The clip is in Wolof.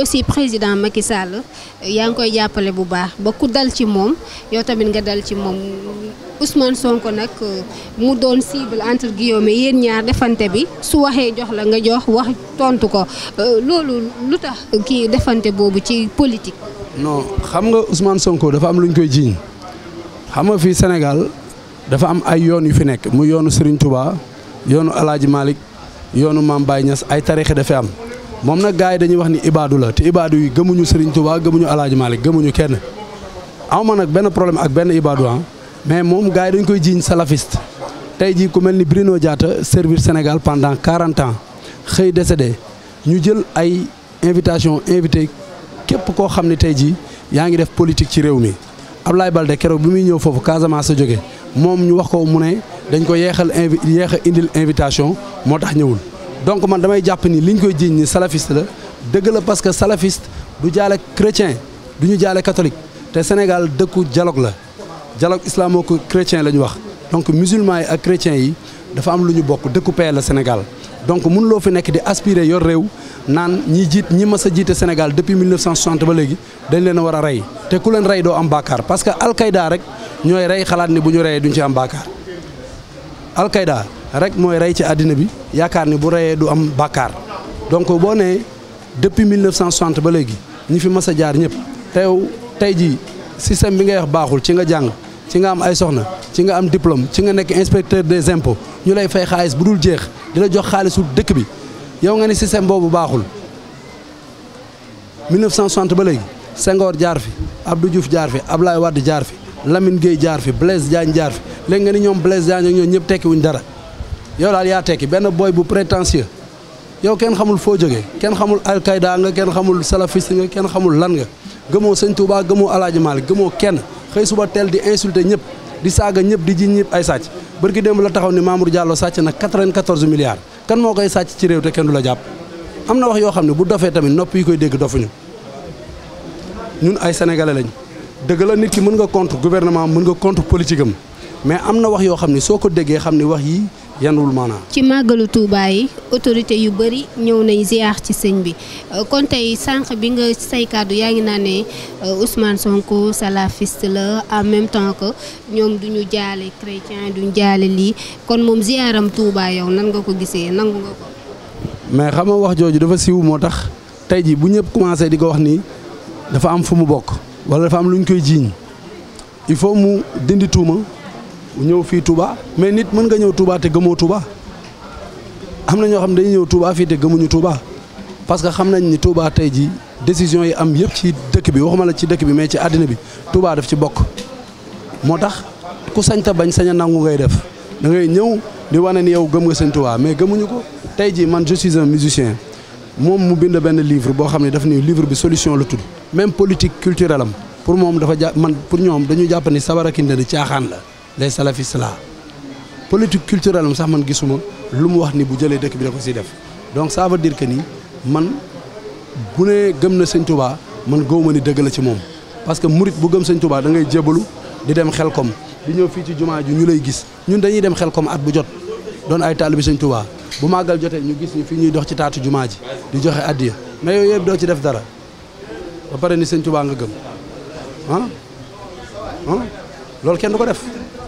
aussi président Macky Sall yaa ngi koy jàppale bu baax ba ku dal ci moom yow tamit nga dal ci moom Ousmane Sonko nag mu doon cible entre guillemets yéen ñaar defante bi su waxee jox la nga jox wax tontu ko euh, loolu lu tax kii defante boobu ci politique. non xam nga Ousmane Sonko dafa am luñ ñu koy jiiñ xam nga fii Sénégal dafa am ay yoon yu fi nekk mu yoonu Serigne Touba yoonu El Hadj yoonu Mame Baye Niass ay tarixe dafa am. moom nag gars yi dañuy wax ni ibaadu la te ibaadu yi gëmuñu Serigne waa gëmuñu El Hadj Malick gëmuñu kenn amuma nag benn problème ak benn ibaadu ah mais moom gars yi dañ koy jiiñ salafiste tey jii ku mel ni Bruno jaata servir Sénégal pendant 40 ans xëy décédé ñu jël ay invitation invité képp koo xam ne tey jii yaa ngi def politique ci réew mi Ablaye Balde keroog bi muy ñëw foofu Casamance sa jóge moom ñu wax ko mu ne dañ ko yeexal invi yeex a indil invitation moo tax ñëwul. donc man damay jàpp ni li ñu koy jiiñ ni salafiste la dëgg la parce que salafiste du jaale chrétien du ñu jaale catholique te Sénégal dëkku jaloog la dialogue islamo-chrétien la ñu wax donc musulman yi ak chrétiens yi dafa am lu ñu bokk dëkku paix la Sénégal donc mun fi nekk di aspirer yor réew naan ñi jiit ñi mas a jiite Sénégal depuis 1960 ba léegi dañ leen a war a rey te ku leen rey doo am baakaar parce que al rek ñooy rey xalaat ni bu ñu reyee duñ ci am baakaar al rek mooy rey ci àddina bi yaakaar ni bu reyee du am bàkkaar donc boo nee depuis 1960 ba léegi ñi fi mas a jaar ñëpp teew tey jii système bi ngay wax baaxul ci nga jàng ci nga am ay soxna ci nga am diplôme ci nga nekk inspecteur des impôts ñu lay fay xaalis bu dul jeex di la jox xaalisu dëkk bi yow nga ni système boobu baaxul 1960 ba léegi sengoor jaar fi du Diouf jaar fi Ablaye Wade jaar fi Lamine Gueye jaar fi Blaise Diagne jaar fi léegi nga ni ñoom Blaise Diagne ak ñoom ñëpp tekkiwuñ dara yow daal yaa tekki benn booy bu prétentieux yow kenn xamul foo jóge kenn xamul alkayda nga kenn xamul salafiste nga kenn xamul lan nga gëmoo sëñ Touba gëmoo alaaji Maalik gëmoo kenn xëy suba teel di insulté ñëpp di saaga ñëpp di ji ñëpp ay sàcc bërki démb la taxaw ni Mamour Diallo sàcc na 94 milliards kan moo koy sàcc ci réew te kenn du la jàpp am na wax yoo xam ne bu dofee tamit nopp yi koy dégg dofuñu ñun ay sénégalais lañ dëgg la nit ki mën nga contre gouvernement mën nga contre politique mais am na wax yoo xam ne soo ko déggee xam ne wax yi yanul maanaa. ci màggalu Touba yi autorité yu bëri ñëw nañ ziar ci sëñ bi euh, kon tey sànq bi nga say kàddu yaa ngi naa ne euh, Ousmane Sonko salafiste la en même temps que ñoom du ñu jaale chrétien du jaale lii kon moom ziaram Touba yow nan nga ko gisee nangu nga ko. mais xam nga wax jooju dafa siiw moo tax tey jii bu ñëpp commencé di ko wax nii dafa am fu mu bokk wala dafa am lu ñu koy jiiñ il faut mu dindi tuuma. ñëw fii Touba mais nit mën nga ñëw tuubaa te gëmoo Touba am na ñoo xam ne dañuy ñëw Touba fii te gëmuñu Touba parce que xam nañ ni Touba tey ji décision yi am yëpp ci dëkk bi waxuma la ci dëkk bi mais ci àddina bi Touba daf ci bokk moo tax ku sañ ta bañ sañ nangu ngay def da ngay ñëw di wane ni yow gëm nga sëñ Touba mais gëmuñu ko tey ji man je suis moom mu bind benn livre boo xam ne daf ni livre bi solution la tudd même politique culturelle am pour moom dafa jàpp man pour ñoom dañu jàpp ni sabar ak caaxaan la les salafistes là politique culturelle am sax man gisuma lu mu wax ni bu jëlee dëkk bi da ko siy def donc ça veut dire que ni man bu ne gëm na sëñ Touba man gëwuma ni dëgg la ci moom parce que murit bu gëm sëñ Touba da ngay jébalu di dem xel kom di ñëw fii ci jumaa ju ñu lay gis ñun dañuy dem xel kom at bu jot doon ay taalibi sëñ Touba bu màggal jotee ñu gis ñu fii ñuy dox ci taatu jumaa ji di joxe addiya mais yooyu yëpp doo ci def dara ba pare ni sëñ Touba nga gëm ah? Ah? kenn du ko def